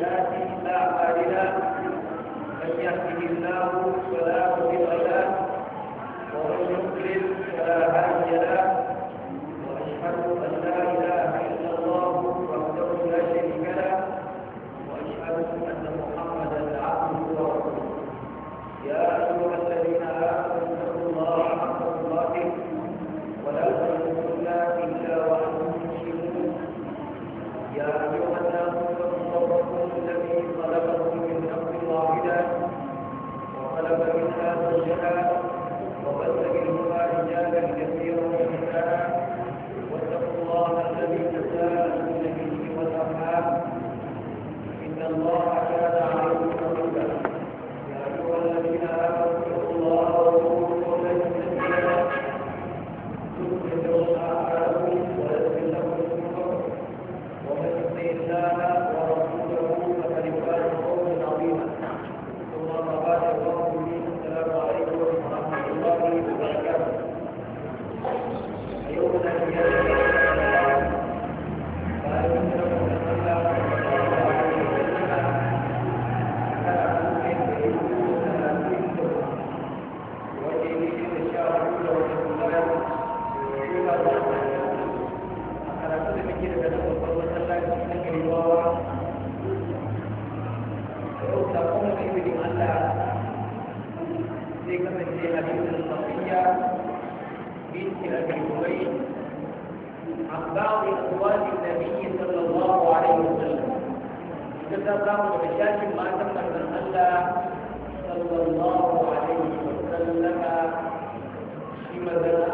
سيئات أعمالنا من يهده الله فلا فلا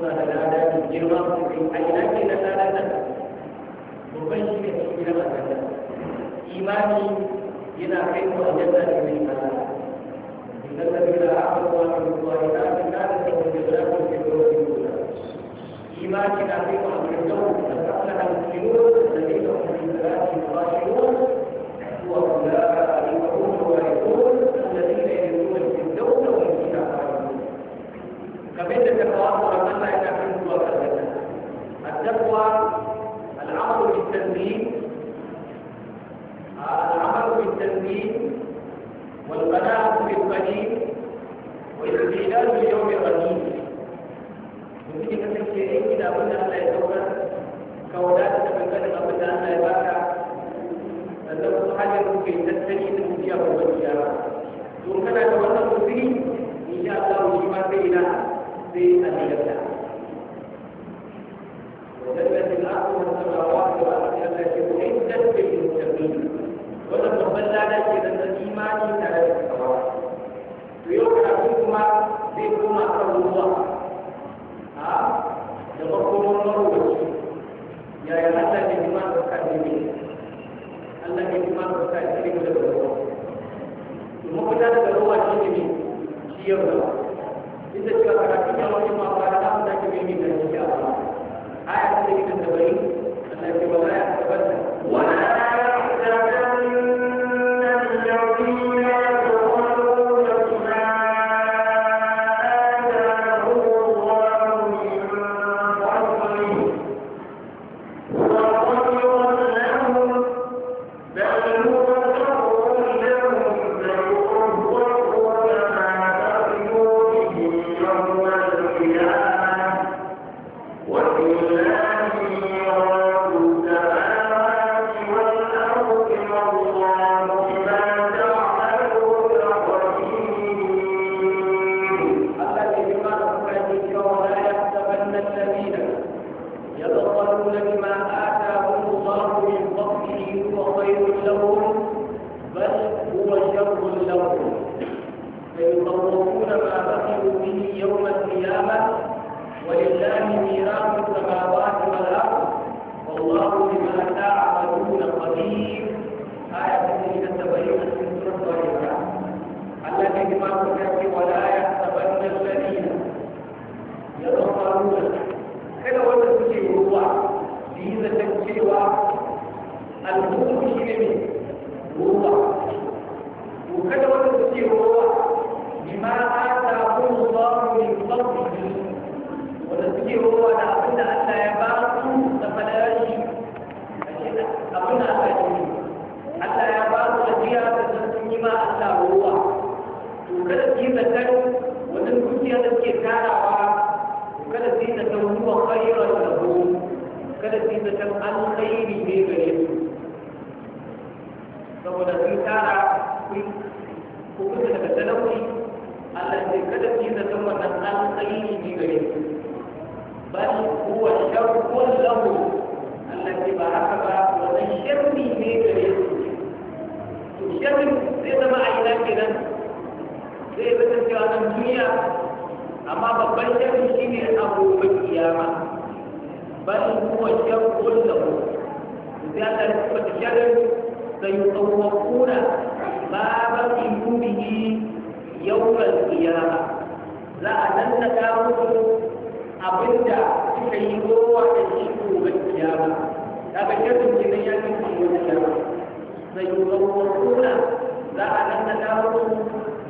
suna da lada da girma a ina ke nan babban shi ne cikin gidan aljanna imani yana kai mu aljanna da mai idan da ta fi kada da da za ke da imani na kai mu da ta fi da wani da zai da da بل هو الجمع له لذلك الكفة الجمع سيطوقون ما بقيوا به يوم القيامة لا أن تكاملوا أبدا في يوم القيامة القيامة Daga jirgin gina ya fi kuma da yawa, zai yi zuwa kuna za a nan na dawo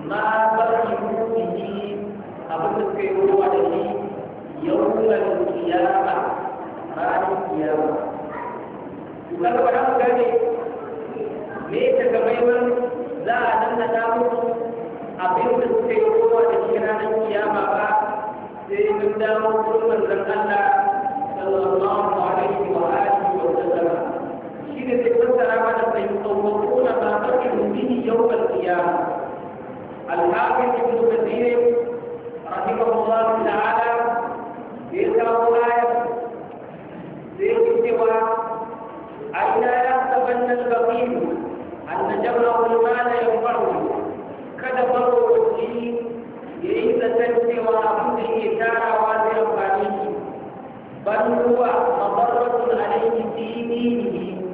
ma ba su yi mutu yi abin da suka yi ruwa da shi yau na maliki ya ba cutar ba na gane me ta gamaiwar za a danna ta mutu abin da suka yi kowa da shi ranar kiyama ba sai sun dawo kurman zan Allah sallallahu alaihi wa alihi wa sallam shi ne zai fassara mana sai tsawwakuna ba fakin bihi yawmal kiyama الحافظ ابن كثير رحمه الله تعالى يذكر آية سيكتبها a لا يحسبن البخيل أن جمعه yin faru. kada marowaci ya yi zaton cewa abin da ke tarawa zai amfani shi ban ruwa mabarratun alaihi fi dinihi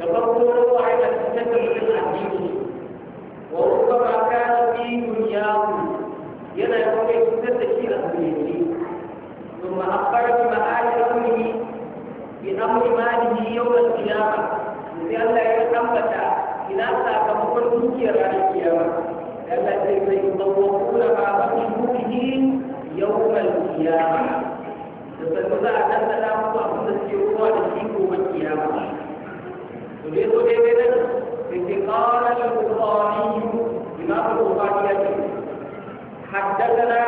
da farko ruwa ya tafi ta mutum addini wa ruwa ba ka fi duniya yana kuma fitar da shi a duniya ثم أخبر بمآل أمره بأمر ماله يوم القيامة لأن لا يتنبت إلى ساكمكم المنكر على القيامة الذين سيطوقون مع شهوره يوم القيامة فسنزع أن لا من السيروة لشيك يوم تريد لذلك انتقال البخاري إمام حدثنا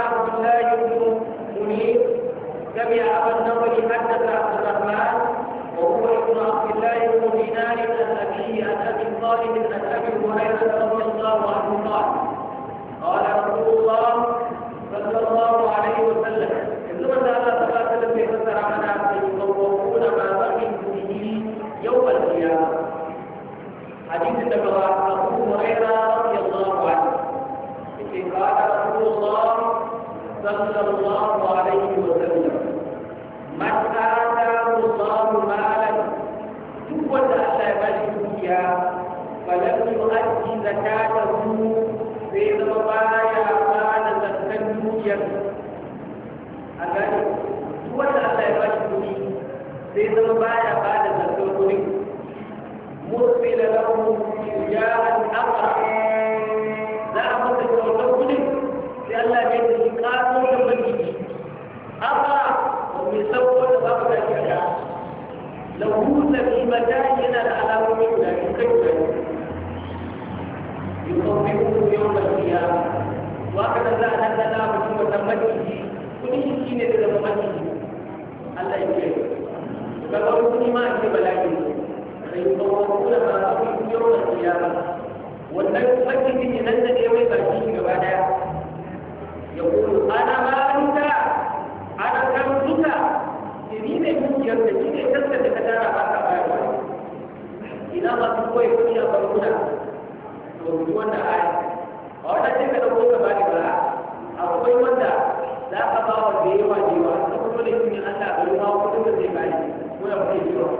bai yi ba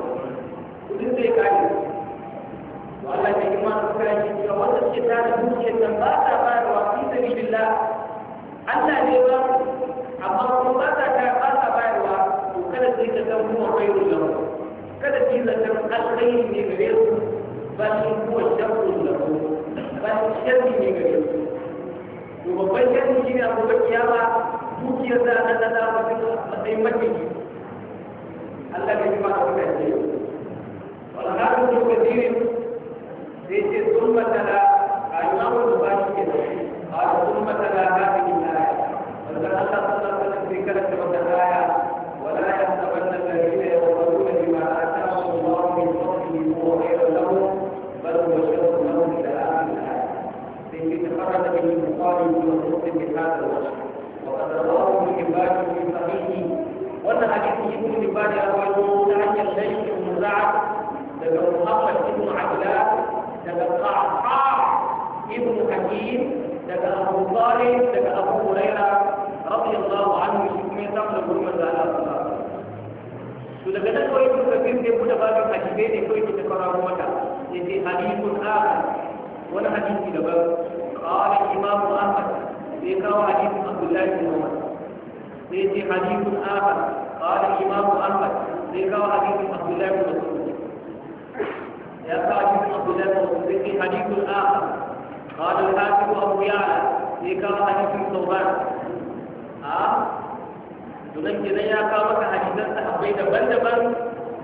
kudin zai kare to Allah ne kuma suka yi cewa wanda suke tare dukiyar nan ba ta bayarwa fi sabilillah Allah ne ba amma kuma ba ta ta ba ta bayarwa to kada sai ka san kuma kai ruwa kada ki zaton alkhairi ne gare su ba shi kuma sharri da ku ba shi sharri ne gare su to babban sharri shine abubuwan kiyama dukiyar da Allah ta ba ta matsayin mace الذي بما أتكلم ولهذا ابن كثير ليس ثم تلا الإمام البخاري قال ثم تلا هذه الآية وذكر الله صلى الله عليه وسلم في كلمة الآية ولا يستوى بعد أول ثانية ليس بن زعد لدى محمد بن عدلان لدى قعقاع ابن حكيم لدى أبو طالب لدى أبو هريرة رضي الله عنه من تمر برمى الله to daga nan kawai kuka bin dai buɗe babin hadisai ne kawai kuka fara mata yace hadithun akhar wani hadisi daban qala imam ahmad sai kawo hadisin abdullahi bin umar sai yace hadithun akhar قال الإمام أحمد ذكر حديث عبد الله بن مسعود يقع حديث عبد الله بن مسعود في حديث آخر قال الحاكم أبو يعلى ذكر حديث ثوبان آه domin kenan ya kawo maka hadisan sahabbai daban-daban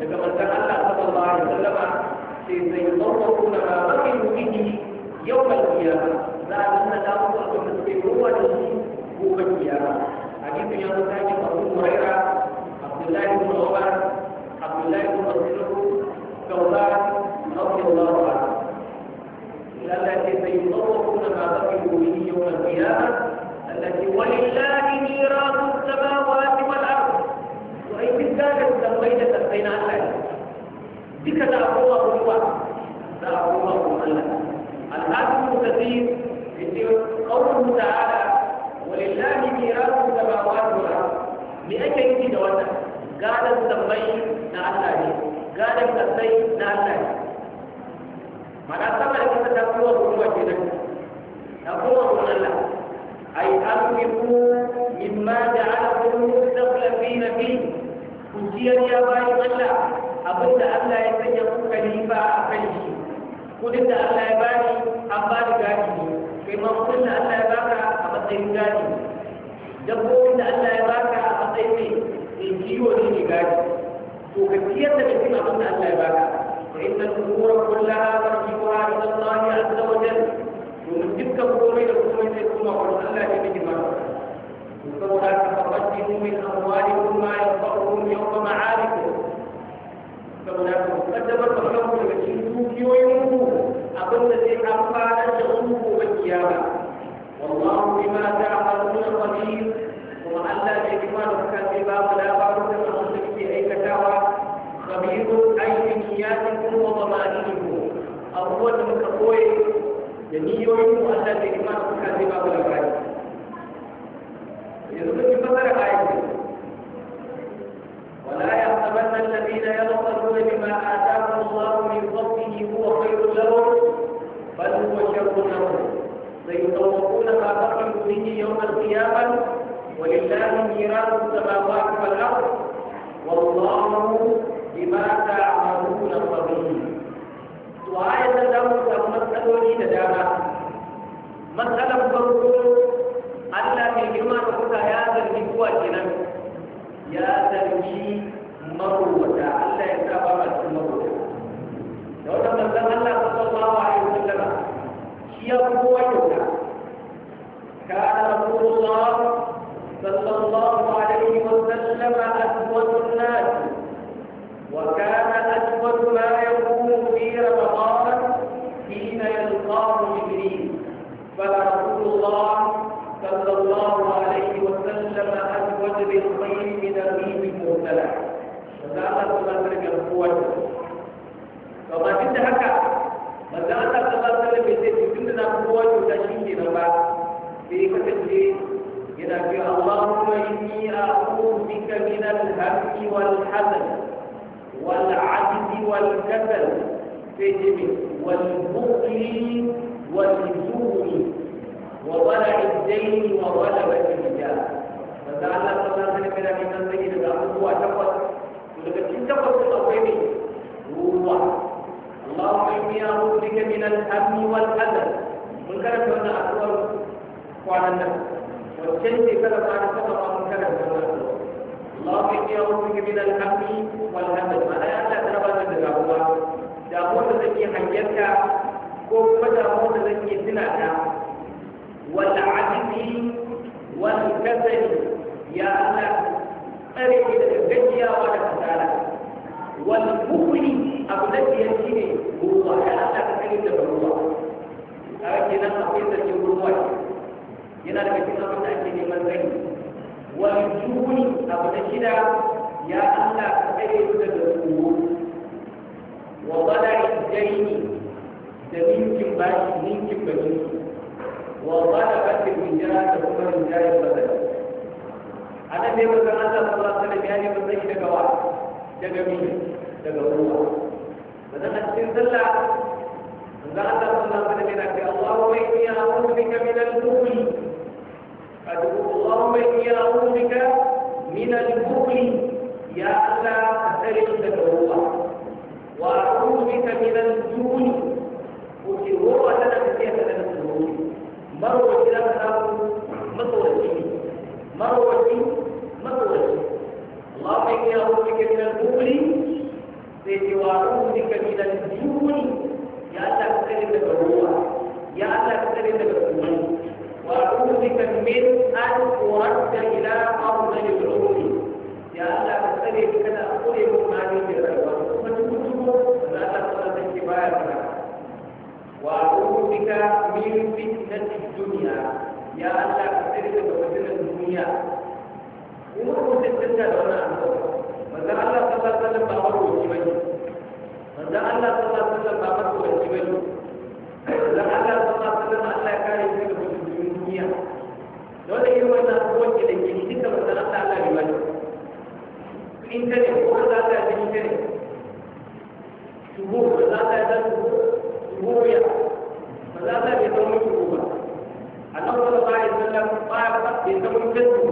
daga manzon Allah sallallahu alaihi wasallam sai sai tsawon da rabbin mu'mini yau da kiyama za a nuna da mu abin da suke ruwa da shi gobe kiyama hadisin ya zo ta ji Abu Hurairah عبد الله بن عمر عبد الله بن مسعود ثوبان رضي الله عنه التي سيطوقون ما بقي به يوم القيامه التي ولله ميراث السماوات والارض واي بالذات سميت سمينا الله بك دعوا الله هو دعوا الله dukiyar ya bayan Allah abin da Allah ya sanya ku kalifa a kan shi kudin da Allah ya bani an ba ni gadi ne kai ma kudin da Allah ya baka a matsayin gadi dabbobin da Allah ya baka a matsayin mai ne kiwo ne ne gadi to ka ciyar da cikin abin da Allah ya baka fa inna al-umura kullaha marji'uha ila Allah azza wa jalla domin dukkan komai da komai sai kuma wannan Allah ne ke maka saboda ka faddi mu amwalikum saboda ka kaddamar da kanku daga cikin dukiyoyin ku abin da zai amfanar da ku gobe kiyama wallahu bima ta'maluna qadir kuma Allah ne kuma da kuka sai ba mu labarin da abin da kuke aikatawa khabirun ayyin yatikum wa mamanikum abubuwan da muka koye da niyoyin mu Allah ne kuma da kuka sai ba mu yanzu ولا يحسبن الذين يبخلون بما آتاهم الله من فضله هو خير لهم بل هو شر لهم سيطوقون ما بخلوا به يوم القيامة ولله ميراث السماوات والأرض والله بما تعملون خبير وآية الله تم مسألوني تداما مثلا فرقون ألا من جمع تكون يا ذا جنبه ya zargi marwata Allah ya saba ba cikin marwata da wata manzan Allah sallallahu alaihi wasallam shi ya kowa kyauta kana rasulullah sallallahu alaihi wasallam aswad an-nas وكان أسود ما يكون في رمضان حين يلقاه جبريل فرسول الله صلى الله عليه وسلم أزوج بالخير من الريح المرسلة وزارة مدرك القوة فما جد هكا مزارة صلى الله عليه وسلم يسير جدنا قوة تشيني نبا في كتبه ينبي اللهم إني أعوذ بك من الهم والحزن والعجز والكسل في جميع والبخل والجوع وولع الدين وغلبة الرجال wanda Allah ta zama sani kana neman sani daga abubuwa takwas daga cikin takwas sun akwai ne ruwa Allahumma inni a'udhu bika min al-hammi wal hazan mun karanta wannan addu'ar kwanan nan wacce ce kada ta ta ba mun karanta wannan addu'ar Allahumma inni a'udhu bika min al-hammi wal hazan ma'ana ya Allah ta raba ko kuma da والعجز والكسل يا الله أرك الجزية والكسالة والبخل أبو الذي يجيني هو يا الله كسلت بالله أرك أن أقيت الجمهور yana daga cikin abin da ake neman zai wani juhuni abu da shida ya Allah ka tsare su daga wa da وضربت الوجاهة ثم الوجاهة بدلا أنا في مثلا الله صلى الله عليه وسلم يعني من ذلك دقوات دقمية دقوة مثلا أحسن ذلة مثلا الله صلى الله عليه وسلم اللهم إني أعوذ بك من البخل أدعو اللهم إني أعوذ بك من البخل يا الله أسألك دقوة وأعوذ بك من الجود وفي الغرة أنا بسيئة لنا الجود marowaci za ka samu matsoraci marowaci matsoraci Allah mai kira hudu ke minan kukuli sai ce wa hudu ke minan juni ya Allah ka daga ruwa ya Allah ka daga kuma wa hudu ke min an kuranta ila ƙaunar yurumi ya Allah ka kare kana kure mu na ne da rayuwa kuma duk na da Allah ta kare baya fara wa'udhu bika min fitnati dunya ya Allah ka tsare daga fitnar duniya in ku tsare da wannan abu manzo Allah sallallahu alaihi wasallam ba ku ci bane manzo Allah sallallahu alaihi wasallam ba ku ci bane manzo Allah sallallahu alaihi wasallam Allah ya kare ku daga duniya dole yi wannan abu wanda yake cikin manzo Allah ya yi bane in kare ko za ta yi kare shugo za ta yi fẹ́ kó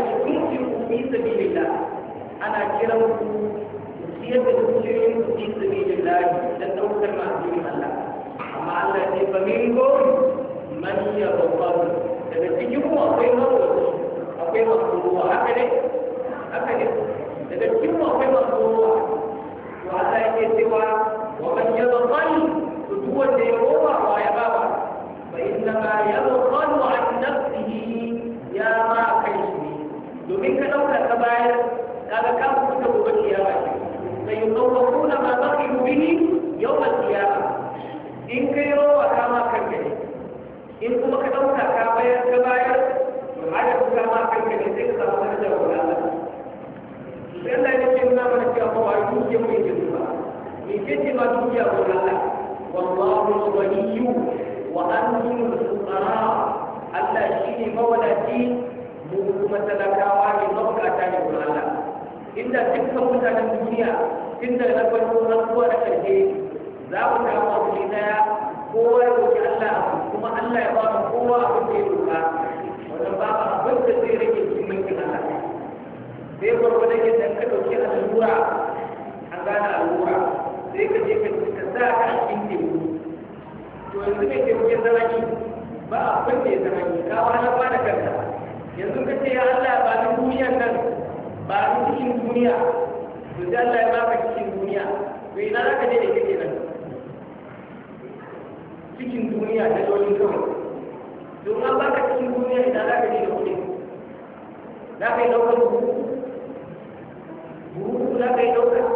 لتنفقوا في سبيل الله أنا كرم سيد المسلمين في سبيل الله لتوكل مع سبيل الله أما الذي فمنكم من يتطلب daga cikin mu akwai akwai haka ne haka ne daga cikin mu akwai to Allah yake cewa wa man to duk wanda ya roba wa ya baba fa inna ma nafsihi ya ma domin ka ɗauka ka bayar kaga ka kuta gobe kiyama ce sai yi ɗaukako na ma zafi bihi yau a kiyama in ka yi rawa kama kanka ne in kuma ka ɗauka ka bayar ka bayar to hada ku kama kanka ne sai ka samu wani da wani ala sai Allah ya ce nuna mana cewa ba wani dukiya mai jin ba in ce ce ma dukiya ko Allah wallahu al-ghaniyyu wa antum al-fuqara Allah shine mawlaci mu kuma talakawa ne mabukata ne kuma Allah inda dukkan mutanen duniya inda na farko har zuwa da karshe za mu kama wuri daya kowa ya roki Allah kuma Allah ya ba mu kowa abin da ya roka wannan ba ba abin da zai rage cikin Allah sai ke yadda ka ɗauki allura an gane allura sai ka je ka sa ka cikin teku to yanzu mai teku ya zama ba abin da ya zama ni kawo na ba da kanka yanzu ka ce ya Allah ba na duniyan nan ba na cikin duniya to sai Allah ya ka cikin duniya to ina za ka je da ita kenan cikin duniya da dolin kawai don ba ka cikin duniya ina za ka je da kuɗi za ka yi ɗaukar buhu buhu za ka yi ɗaukar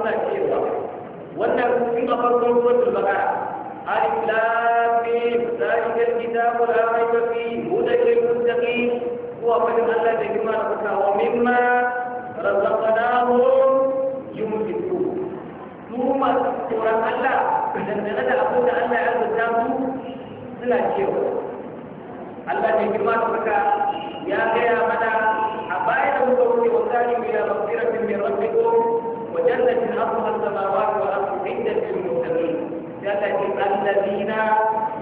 suna cewa wannan sun a farkon suratul baqara alif lam mim zalika alkitabu la rayba fihi hudan lil muttaqin huwa fadl Allah da kuma rabbuka wa mimma razaqnahum yunfiqun su masu tsoron Allah dangane da abin da Allah ya rubuta su suna cewa Allah ne girma da baka ya gaya mana a bayan da muka wuce wa tsari mai da mafiratin rabbikum وجنة أرضها السماوات والأرض عدة للمتقين جنة الذين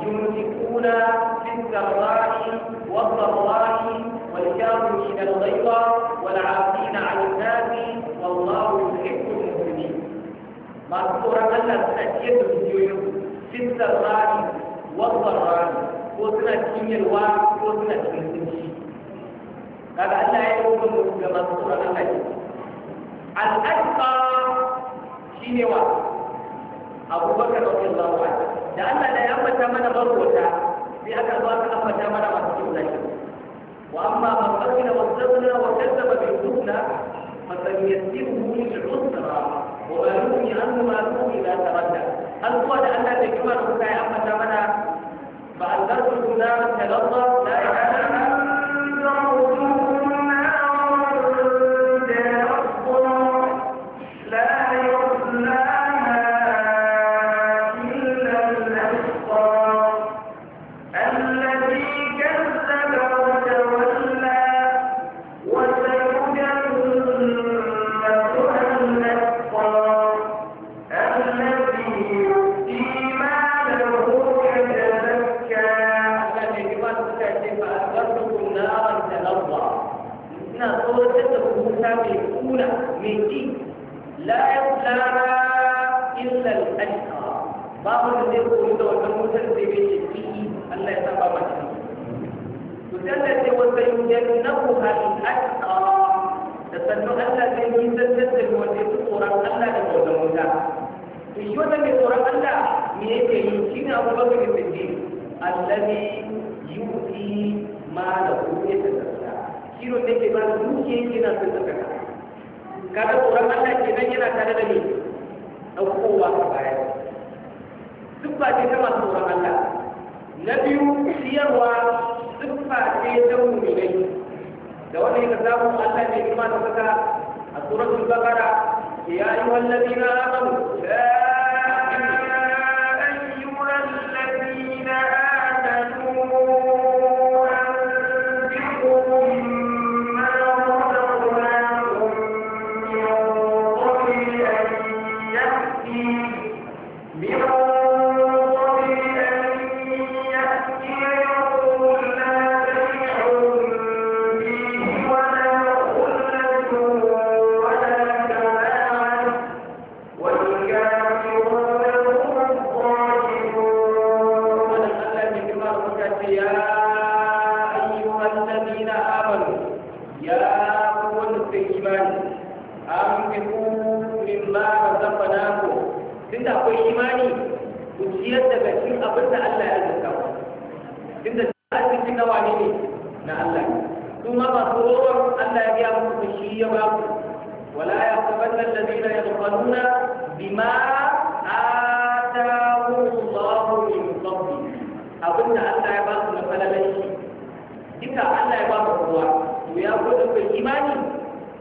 ينفقون في السراء والضراء والكاظمين الغيظ والعافين عن الناس والله يحب المؤمنين مذكورة أن تأتيت الجيوش في السراء والضراء وسنة كيميروا الواقع كيميروا kaga Allah قال أن hukunci يكون masu tsoron Allah al'adda shi ne wa abubakar da wajen zawo da Allah da ya ambata mana barwata sai aka zo aka ambata mana masu jin zaki wa amma man bakina wa zanna wa kazzaba bil husna fa sayasiruhu lil usra wa alumi annu ma lahu ila taradda alquwa da Allah da kuma da ya ambata mana fa alzartu nar talaqqa la ilaha ina tsoratar da ku wuta mai kuna mai ci la yaslaha illa al-ashqa babu da zai koyi da wannan wutar sai bai ce ciki Allah ya saba mata to tana ce wa sayyidannahu al-ashqa da sannan Allah zai yi zantar da wanda ya tsoron Allah da wannan wuta to shi wannan mai tsoron Allah me yake yi shi ne abu bakar da take allazi yuti ma lahu yatazakka kilo ne ke ba da dukiyar yana son ta kaka kaga tsoron Allah ke nan yana tare da ni ɗaukowa a baya duk ba ce ta masu tsoron Allah na biyu siyarwa duk ba ce ta mummilai da wanda yake samu Allah ne kuma ta saka a suratul bakara ya yi ayyuhal ladina amanu la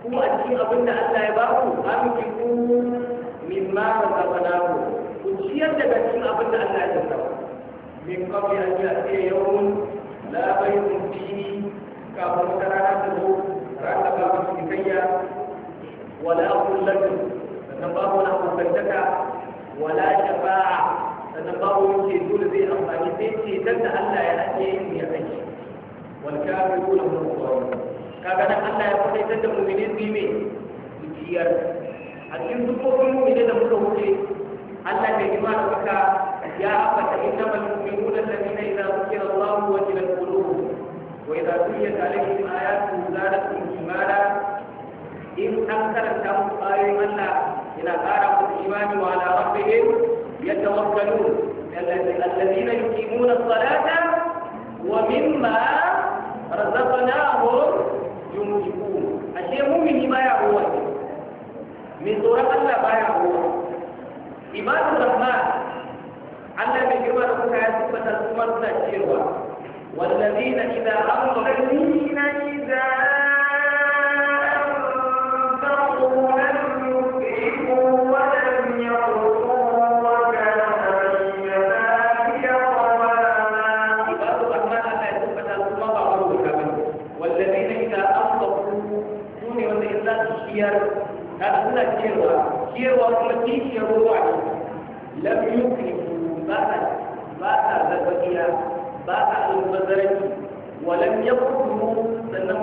ku a cikin abin da Allah ya ba ku an fi ku min ma da kafana ku ku ciyar daga cikin abin da Allah ya zanta min kafin an yi a tsaye yawon labai mun fi kafin wata rana ta zo rana ba ku cikin kanya wala akun lakin sannan babu wani abokantaka wala shafa'a sannan babu wani ceto da zai amfani sai ceton da Allah ya ake yin ya aiki wal kafiruna hum zalimun kaga dan Allah ya faɗaitar da mu'mini su yi mai biyar a cikin sufofin mu'mini da muka wuce Allah bai yi mana ita ya ambata inna mal mu'minuna alladhina idza dhukira Allah wa jilat qulubuhum wa idza tuliyat alaihim ayatuhu zadatuhum imana in an karanta musu ayoyin Allah yana ƙara musu imani wa ala rabbihim yatawakkalun alladhina yuqimuna as-salata wa razaqnahum yunfiqun ashe mu'mini baya ruwa min tsoron Allah baya ruwa ibadur rahman Allah mai girma da kuka ya tabbata kuma suna cewa والذين إذا أمروا الذين إذا أنفقوا لم يسرفوا ولم يقولوا لم يكن بعد ذا بقيا باتا المزرج ولم يقتلوا سنة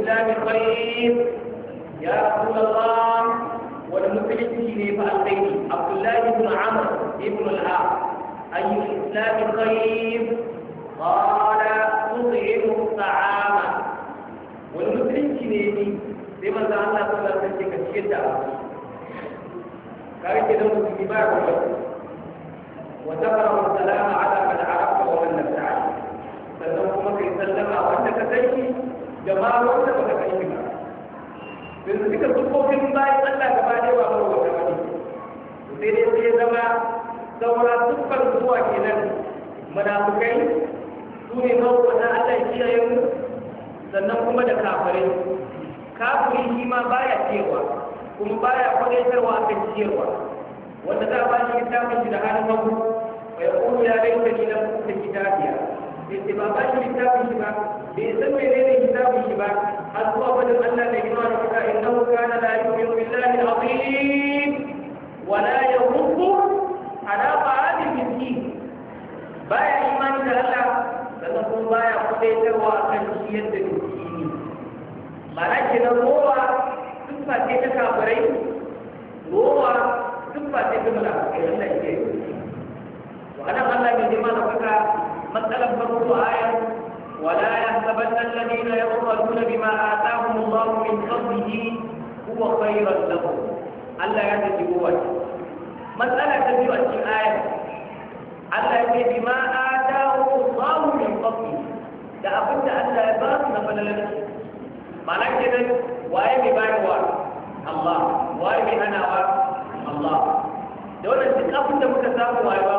الإسلام الخير يا رسول الله والمفلس كيف ألقيت عبد الله بن عمر بن العاص أي الإسلام الخير قال تطعم الطعام والمفلس كيف لما زعلنا كل الفلسي كثير دعوة كانت يدون في دماغ وذكر السلام على من عرفه ومن لم تعرف تعرفه فلنقوم بسلمه وانك تجد da ma wanda ba ka kai ba yanzu duka sufofin bayan Allah gaba ɗaya ba mu wata ba sai dai sai zama saura dukkan zuwa kenan munafukai su ne mawuwata Allah ya kiyaye mu sannan kuma da kafirai kafiri shi ma baya cewa kuma baya kwadaitarwa a kan ciyarwa wanda za a ba shi littafin shi da hannun hagu bai kuma ya rai da ni na kuka kitabiya sai ba ba shi littafin shi ba bai san menene hisabin shi ba har zuwa fadin Allah da girma da kuka innahu kana la yu'minu billahi al-azim wa la yahuddu ala ta'ami miskin baya imani da Allah sannan kuma baya kudaitarwa akan ciyar da miskini ma'ana kenan rowa tuffa ce ta kafirai rowa tuffa ce ta mulakai Allah ya yi Allah bai girma da kuka matsalar farko ayar ولا يحسبن الذين يخرجون بما آتاهم الله من فضله هو خيرا لهم ألا يتجبون مسألة تبيع الآية ألا يتجب بما آتاهم الله من فضله da abin da Allah ya ba su na falalar su mana kenan waye mai bayarwa Allah waye mai hanawa Allah da wannan duk abin da muka samu waye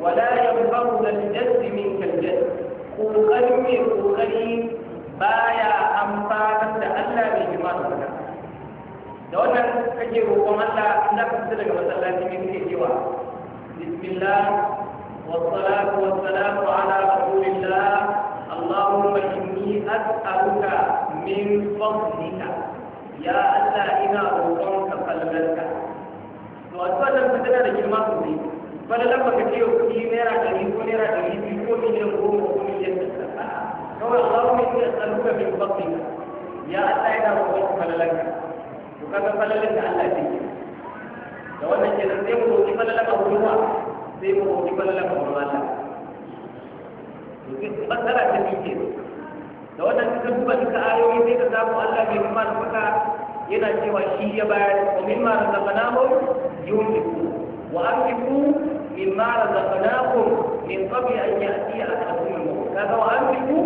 ولا يظهرون الجد منك الجد قوقلهم قوقلهم بايا أم أمفاك تألا بجمال الله دونا كجيرو ومالا عندك سلك مثلا من كجيوا بسم الله والصلاة والسلام على رسول الله اللهم إني أسألك من فضلك يا ألا إنا روحك قلبك وأسألك سلك وصلاة من falalan baka ce wa naira ɗari ko naira ɗari biyu ko miliyan goma ko miliyan ɗari kawai Allah mai iya tsaruka min bakwai ya Allah yana roƙon falalan ka to kaga falalan da Allah ke da wannan ke sai mu roƙi falalan ka ruwa sai mu roƙi falalan ka ruwa ta to sai matsala ta da wannan ka duba duka ayoyi sai ka samu Allah mai kuma albarka yana cewa shi ya bayar wa mimma razaqnahu yunfiqu wa مما رزقناكم من قبل أن يأتي أحدكم الموت كذا وأنفقوا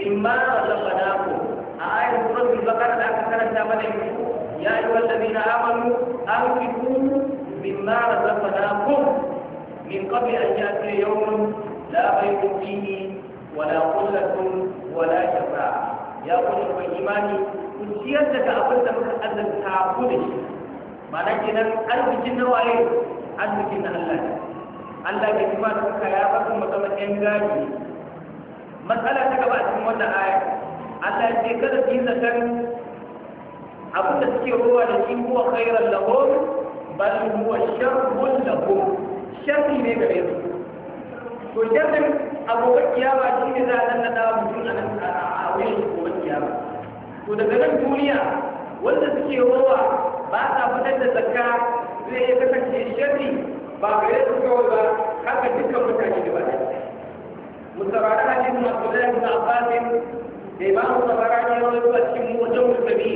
مما رزقناكم آية سورة البقرة لا تكرر ثمنه يا أيها الذين آمنوا أنفقوا مما رزقناكم من قبل أن يأتي يوم لا بيع فيه ولا قلة ولا شفاعة يا قوم الإيمان كن سيادة أبدا من أن تعبدش معناه كده أنت جنة وعليه أنت جنة الله Allah bai kuma suka ya ba su matsalar ƴan gadi matsala ta gaba a cikin wannan aya Allah ya ce kada su yi zakar abin da suke rowa da shi huwa khairan lahum bal huwa sharrun lahum sharri ne gare su to sharrin abokan kiyama shi ne za a nan da mutum a nan a wurin gobe kiyama to daga nan duniya wanda suke rowa ba sa fitar da zakka zai iya kasance sharri ba gare su kawai ba haka dukkan mutane gaba da musabara hadisin abdullahi ibn abbas da imamu sabarani ya rawaito a cikin mutum musulmi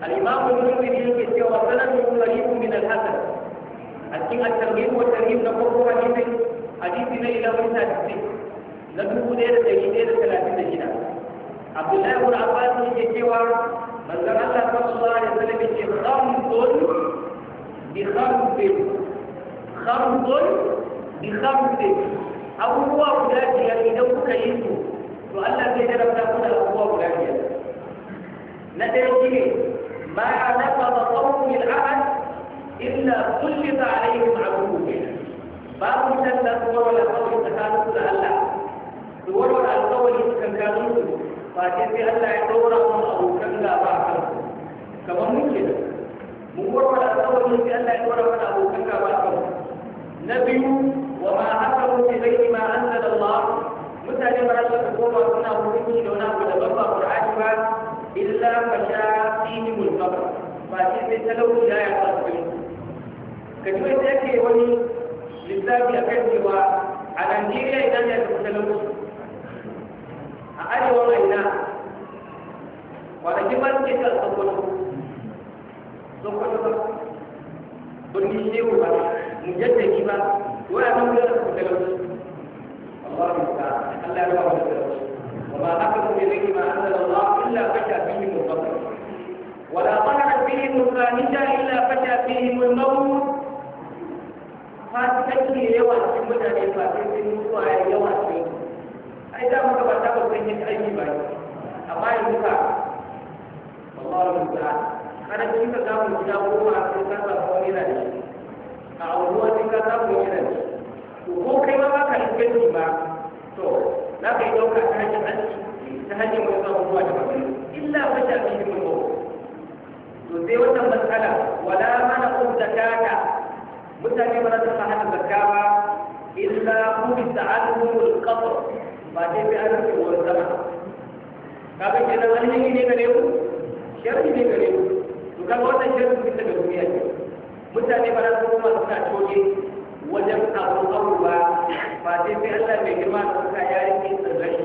al-imamu al-munziri yake cewa sanadun qaribun min al a cikin at-targhib wa na farko hadisin hadisi na ila wani hadisi na dubu ɗaya da ɗari ɗaya da talatin da shida abdullahi ibn abbas yake cewa manzon Allah sallallahu alaihi wasallam yake khamsun bi khamsin khamsun bi khamsin abubuwa guda biyar idan kuka yi su to Allah zai jarabta ku da abubuwa guda biyar na ɗaya shi ne ma nafada qawmin ahad illa kullita alaihim abubuwa babu san da kuma wala kawai tsakanin da Allah to wannan alƙawari sukan gano ba sai sai Allah ya daura mu abokan mu Allah ya abokan نبي وما عمله بغير ما أنزل الله مثل ما تقول وأنا أريد أن أقول لك الله إلا فشاء فيهم القبر فأكيد تلو لا يقصدون كتبت ذلك وني لسبب الأفلام هو على أنجيريا إذا لم يكن تلو أعلي والله إنا وأجب أن تلو سبحانه سبحانه ban yi shehu ba mujaddadi ba wani abin da su talauci ko ya sa Allah ya rawa da talauci wa ma haka mu bi rigi ma anzala Allah illa fasha bihi mutaffir wa la qala bihi mutanija illa fasha bihi al-maut fasikanci ne yawa cikin mutane fasikin mutuwa ya yawa cikin ai da muka ba ta yi ba ka karanci ka samu gida goma sai ka samu wani yana da shi a abubuwa ka samu ina yana da ko kai ma baka inganci ba to na ka yi ta hanyar arziki ta hanyar wasu abubuwa da ba illa wata abin da to sai wata matsala wala mana kun zakata mutane ba za su sa hana zakka ba illa kun sa'aluhum al-qatr ba dai bi an rubuta wannan kaga kenan alheri ne gare ku sharri ne gare ku kan wannan shirin sun daga duniya ne mutane ba za su kuma suna coge wajen abu abu ba ba sai sai Allah mai girma da suka ya rike tsirrai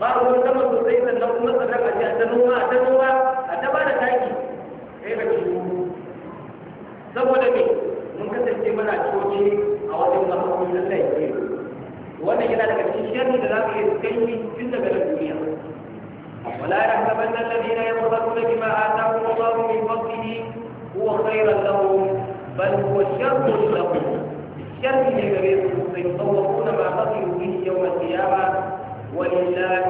ba ruwan sama sosai sannan kuma tsirrai a ce a ta noma a ta noma a ta ba da taki sai ka ci saboda me mun kasance muna coge a wajen mahaukun Allah ya ce wannan yana daga cikin shirin da za mu iya kai tun daga duniya ولا يحسبن الذين يبخلون بما آتاهم الله من فضله هو خيرا لهم بل هو شر لهم الشر لكبير فيطوقون ما بقيوا به يوم القيامة ولله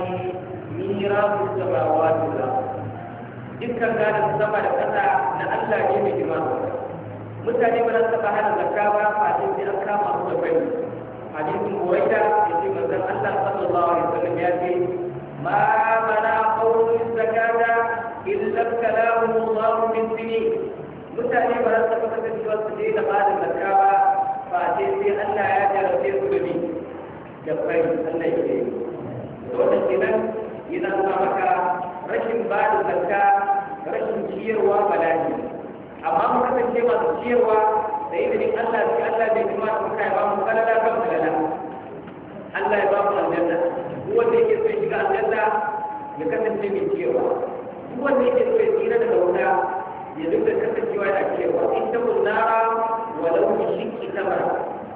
ميراث السماوات والأرض إن كان هذا السماء كذا لألا جيم جماعه mutane ba za ba hana zakka ba a jinsi an kama su da bai a الله koraita ya ce manzan allah ما منع قوم الزكاة إلا ابتلاهم الله من سنين mutane ba za su taɓa kasancewa su je da malin zakka ba ba sai sai Allah ya jarabce su da ni da fari Allah ya yi da wannan kenan yana nuna maka rashin ba da zakka rashin ciyarwa ba da bala'i amma mu kasance su ciyarwa da izinin Allah sai Allah bai kuma su kai ba mu kalala kan kalala Allah ya ba mu aljanna wanda yake so ya shiga aljanna ya kasance mai cewa duk wanda yake so ya tsira daga wuta ya duk da kasancewa yana cewa in ta munara walau bi shiki tamar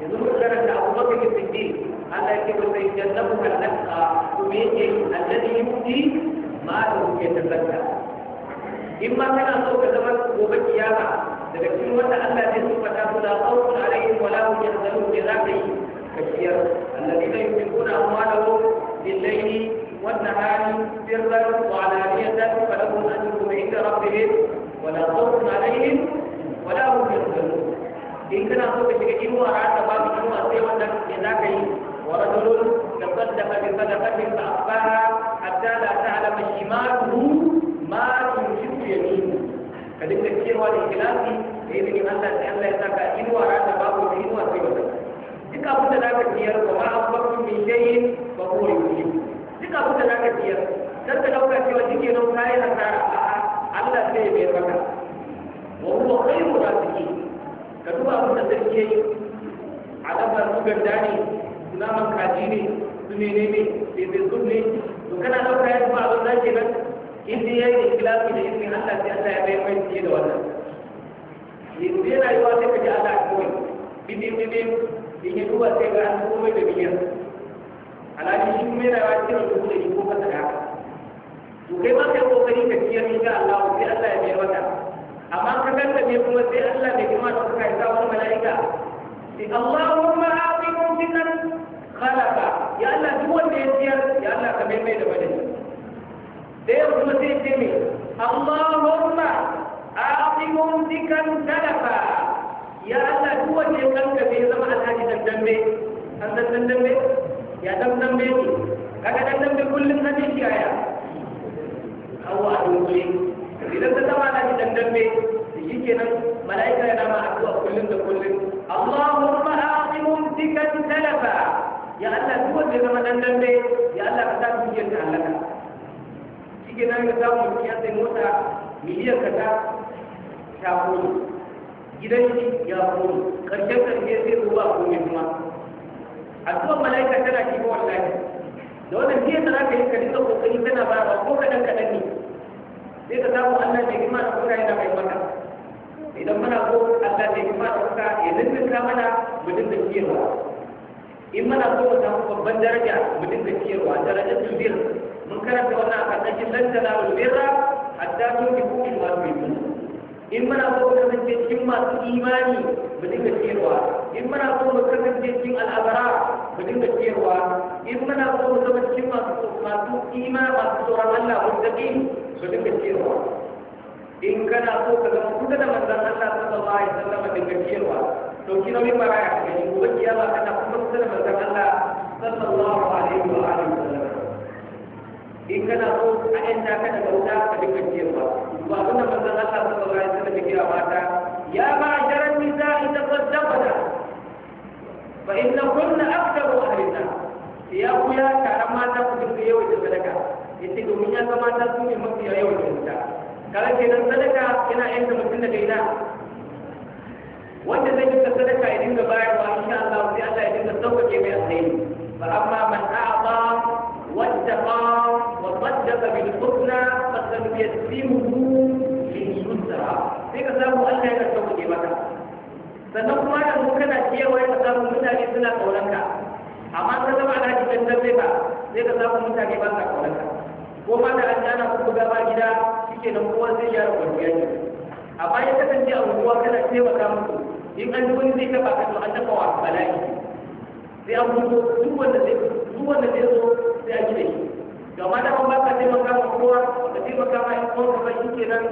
yanzu mun karanta abu baka ke sindi Allah yake ba sai jannabu kallaka kuma yake alladhi yudi ma da kuke tallaka in ma kana so ka zama gobe kiyama daga cikin wanda Allah zai sifata su da khawfun alaihi wala hum yahzanun da za ka yi ka ciyar kuma amma da بالليل والنهار سرا وعلانية فلهم أجرهم عند ربهم ولا خوف عليهم ولا هم يحزنون in kana so ka shiga ilmu a rasa ba mu ilmu a sai wannan ne za ka yi wa rajulun da sadda ka bi sadda ka bin ba hatta la ta'lamu shimalu ma tunshiku yaminu ka dinga cewa da ikhlasi da yin ni Allah sai Allah ya saka ilmu a rasa ba mu ilmu a sai wannan duk abin da za ka ciyar ko ma abbakum min shay'in kowa yi duk abin za ka siyar kar ka ɗauka cewa shi ke nan kayan a Allah sai ya maka wa huwa khairu raziki ka duba abin da sarki yayi alamar bugan dani naman kaji ne su menene ne sai sun ne to kana ɗauka ya duba abin da nan in dai yayi ikhlasi da izinin Allah sai Allah ya mayar mai da wannan yanzu yana yiwa sai ka ji Allah kawai bibin bibin in yi duba sai ga an komai da biyar alhaji shi kuma yana yawa kiran da shi ko kasa to kai ma kai kokari ka ciyar Allah sai Allah ya mayar mata amma ka kanta ne kuma sai Allah bai kuma ta kai ta wani mala'ika sai Allahumma a'ti mumtinan khalaqa ya Allah duk wanda ya ciyar ya Allah ka mai mai da sai kuma sai ce me Allahumma a'ti mumtikan khalaqa ya Allah duk wanda ya kanka zama alhaji dan dambe an dan dambe ya dan dambe ne kaga dan dambe kullum na jin yaya hawa a dunkule idan ta zama na dan dambe shi kenan mala'ika yana ma addu'a kullum da kullum Allahumma aqimum dikan talafa ya Allah duk wanda zama dan dambe ya Allah ka sa dukiyar ta halaka shi kenan ka samu ya sai mota miliyan ka ta ta gidan shi ya koyi karshen karshe sai ruwa komai kuma addu'ar mala'ika tana shiga wallahi da wannan jiya da zaka yi ka kokari tana ba ba ko kadan kadan ne sai ka samu Allah ne kuma da kuka yana mai maka idan muna ko Allah ne kuma da kuka ya ka mana mu dinga kiyarwa in muna ko mu samu babban daraja mu dinga ciyarwa darajar tubir mun karanta wannan a cikin lantana wal birra hatta tunki kuɗin masu yi in muna so mu kasance cikin masu imani mu dinga cewa in muna so mu kasance cikin al'abara mu dinga cewa in muna so mu zama cikin masu masu imani masu tsoron Allah mu dinga mu dinga cewa in kana so ka zama kusa da manzon Allah sallallahu alaihi wasallam dinga cewa to kina mai maraya ka yi gobe kiyama kana kuma kusa da manzon Allah sallallahu alaihi wa alihi wasallam in kana so a yanta ka da bauta ka dinga cewa ba kuma manzon Allah sallallahu alaihi wasallam ya kira mata ya ma jaran nisa'i tasaddaqna fa innahunna aktaru ahlina ya ku ya taron mata ku yau yawan sadaka yace domin ya ga mata su ne mafi yawan sadaka kaga kenan sadaka yana yanka mutum daga ina wanda zai dinga sadaka ya dinga bayarwa insha Allah sai Allah ya dinga sauƙaƙe mai alheri fa amma man a'ta wattaqa wa saddaqa bil husna sallam yusra sai ka samu Allah yana sauke maka sannan kuma da mu kana cewa ka samu mutane suna kauranka amma ka zama na cikin dabbe ba sai ka samu mutane ba sa kauranka ko ma da an gana ku gaba gida shike nan kowa zai yara kwanciya ne amma ya kasance a unguwa kana taimaka musu in an wani zai taba ka to an taba wa bala'i sai an duk wanda zai duk wanda zai zo sai a gina shi da wanda ban baka taimaka ma kowa da taimaka ma in kowa ba shi kenan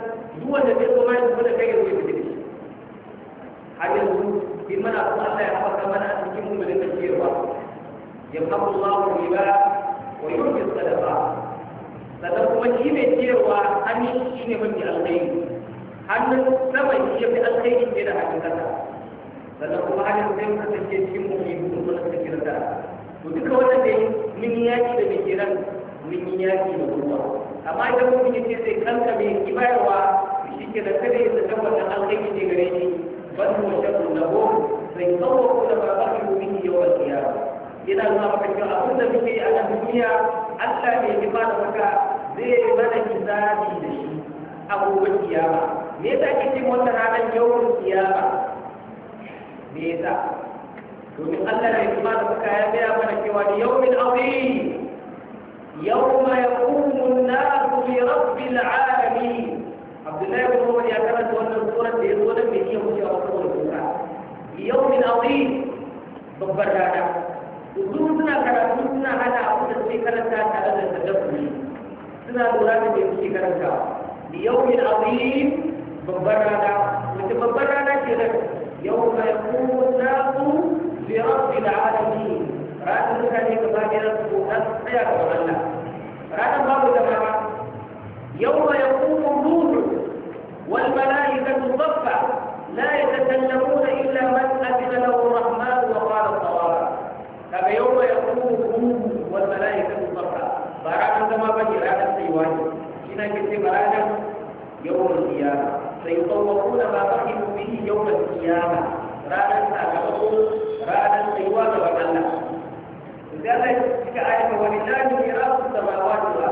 duk wanda zai ma ya da kai ya zo ya tafi har yanzu in mana kuma Allah ya haɓaka mana a cikin mu'minin da ciyarwa yamhaku Allahu riba wa yurbi sadaqa sannan kuma shi mai ciyarwa hannun shi ne mafi alkhairi hannun sama shi ya fi alkhairi fiye da hannun kasa sannan kuma hannun sai mu kasance cikin mu'minin da kuma suka da to duka wannan dai mun yaki da mai kiran mun yi yaki da mutuwa amma idan mutum ya ce sai kanka mai kibayarwa shi ke da kada ya zata wannan alkhairi ne gare shi ban mu shakkun na ko sai kawo ko da ba ba mun yi yawan kiyama yana nuna maka cewa abin da muke yi a nan duniya Allah ne ya bada maka zai mana hisabi da shi a gobe kiyama me yasa kike wannan ranar yawan kiyama me yasa domin Allah ne ya bada maka ya gaya mana cewa da yawmin azim يوم يقوم الناس لرب العالمين عبد الله بن عمر يعتمد ان الصوره دي الصوره دي هي هو رسول الله يوم عظيم ببرهدا وجودنا كذا كنا على عبد الذكر ذات على التدبر سنا دوران دي الذكر ذات يوم عظيم ببرهدا متى ببرهدا كده يوم يقوم الناس لرب العالمين ranar mutane gaba ɗaya su dan tsaya ga Allah ranar babu zama ba يوم يقوم الروح والملائكة صفا لا يتكلمون إلا من أذن له الرحمن وقال الصواب كما يوم يقوم الروح والملائكة صفا فرانا كما بني رانا سيوان هنا كتب رانا يوم القيامة سيطوقون ما بخلوا به يوم القيامة رانا ساكتوا رانا سيوان وقال idan suka cika aika wani lafi ya rasu samawa ba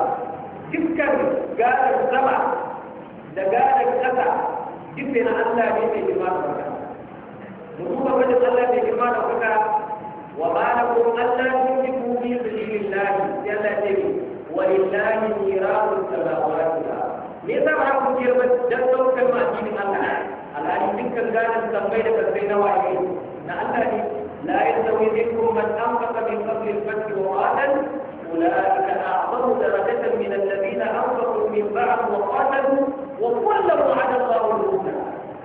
dukkan gadon sama da gadon kasa duk na Allah ne mai girma da kuka mu duba wajen Allah mai girma da kuka wa ba da kuma Allah sun yi kuɗi su shi lillahi ya lafi wa lillahi mirasun samawa ba me yasa ba ku ce ba dan daukar ma jinin Allah alhali dukkan gadon sammai da kasai na waye na Allah ne لا يستوي منكم من أنفق من قبل الفتح وقاتل أولئك أعظم درجة من الذين أنفقوا من بعد وقاتلوا وكلا وعد الله الحسنى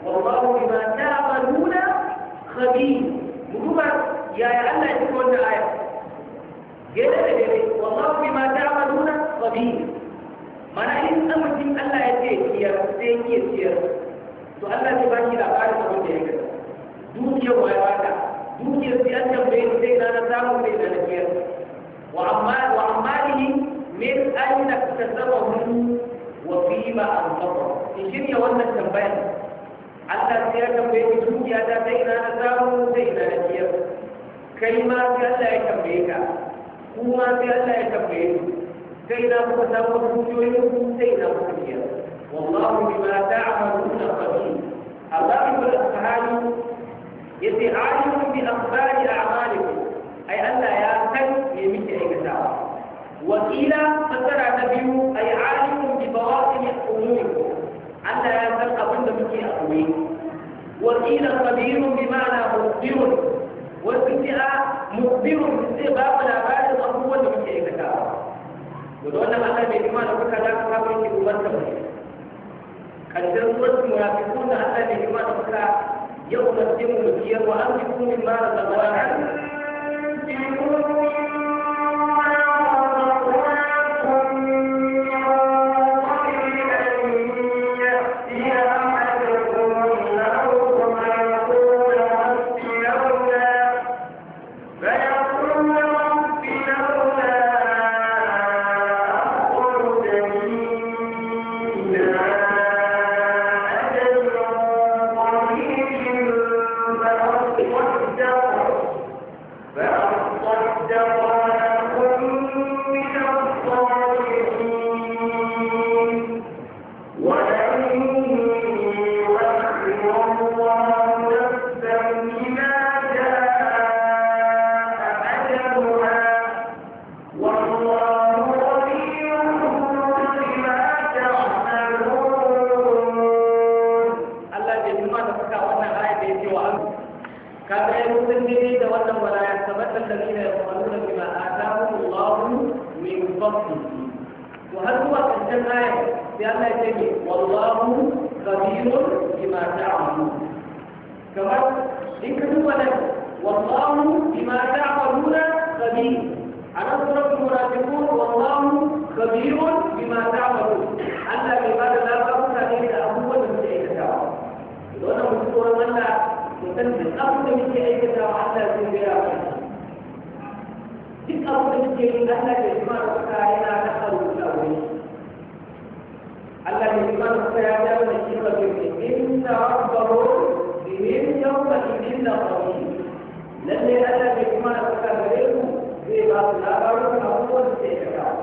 والله بما تعملون خبير مكتوبة يا يعلى الله يقول الآية والله بما تعملون خبير ما in mutum Allah ya ce siyar sai ya siyar to Allah ya ba shi labarin abin da ya dukiyar sai an tambaye shi sai na samu mai na nafiyar wa amma wa amalihi min aina kasabahu wa fima anfaqa in shirya wannan tambayar Allah sai ya tambaye shi dukiya ta sai na samu sai na nafiyar kai ma sai Allah ya tambaye ka kuma sai Allah ya tambaye ku sai na kuka samu dukiyoyin ku sai na kuka biyar والله بما تعملون خبير الله يقول yace alimun bi akhbari a'malikum ai Allah ya san me muke aikatawa wa qila fasara ta biyu ai alimun bi bawatin umurikum Allah ya san abin da muke a koyi wa qila khabirun bi ma'ana mukhbirun wa qila mukhbirun sai ba mu labarin abubuwan da muke aikatawa to wannan Allah bai kuma da kuka da kuma bai ki ubarta ba kaddar suratul munafiqun Allah bai kuma da kuka يوم الدين والسير وأنفقوا مما رزقناكم kaga ya mutum ne da wannan wala ya tabbatar da ne ya kwallo da bima atahu Allah min fadlihi to har zuwa karshen ayar sai Allah ya ce wallahu khabirun bima ta'malun kamar in ka duba nan wallahu bima ta'maluna khabir ana suratul munafiqun wallahu khabirun bima ta'malun Allah bai bada lafiya dan duk abin da muke aikata wa Allah zai gaya wa duk abin da muke yi Allah ya ji mana kuka yana da rubuta wani Allah ya ji mana kuka ya ja mana shi ba zai ne inna rabbahu bimin yawma idin la qawi lalle Allah ya ji mana kuka gare ku zai ba ku labarin abubuwan da ke kaza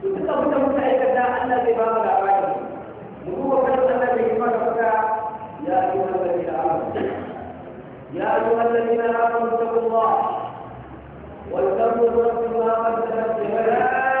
to duk abin da muke aikata Allah zai ba mu labari mu kuma kada يا أيها الذين آمنوا اتقوا الله واتقوا نفس ما قدمت لغدا